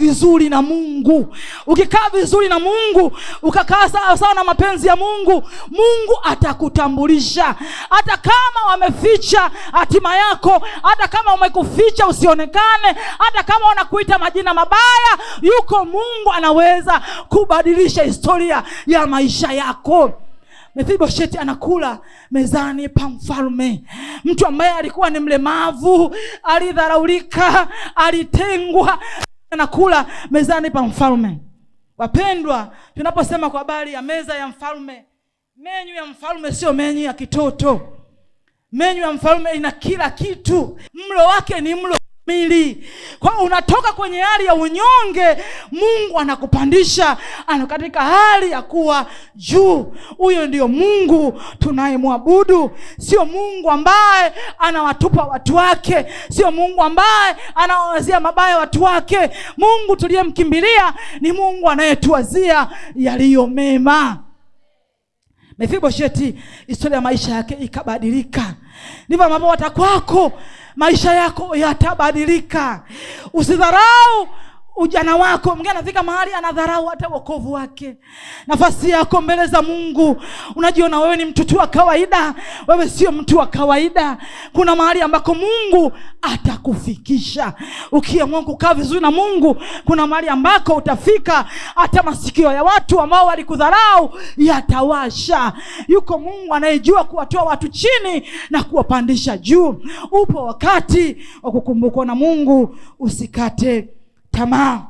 vizuri na Mungu. Ukikaa vizuri na Mungu, ukakaa sawa sawa na mapenzi ya Mungu, Mungu atakutambulisha. Hata kama wameficha hatima yako, hata kama wamekuficha usionekane, hata kama wanakuita majina mabaya, yuko Mungu anaweza kubadilisha historia ya maisha yako. Mefiboshethi anakula mezani pa mfalme, mtu ambaye alikuwa ni mlemavu, alidharaulika, alitengwa nakula mezani pa mfalme. Wapendwa, tunaposema kwa habari ya meza ya mfalme, menyu ya mfalme sio menyu ya kitoto. Menyu ya mfalme ina kila kitu, mlo wake ni mlo kamili. Kwa unatoka kwenye hali ya unyonge, Mungu anakupandisha ana katika hali ya kuwa juu. Huyo ndio Mungu tunayemwabudu, sio Mungu ambaye anawatupa watu wake, sio Mungu ambaye anawawazia mabaya watu wake. Mungu tuliyemkimbilia ni Mungu anayetuwazia yaliyo mema. Mefibosheti, historia ya maisha yake ikabadilika. Ndivyo ambavyo watakwako maisha yako yatabadilika. Usidharau ujana wako. Mwingine anafika mahali anadharau hata wokovu wake, nafasi yako mbele za Mungu. Unajiona wewe ni mtoto wa kawaida. Wewe sio mtu wa kawaida. Kuna mahali ambako Mungu atakufikisha ukiamua kukaa vizuri na Mungu. Kuna mahali ambako utafika hata masikio ya watu ambao walikudharau yatawasha. Yuko Mungu anayejua kuwatoa watu chini na kuwapandisha juu. Upo wakati wa kukumbukwa na Mungu, usikate వ్యర్థమా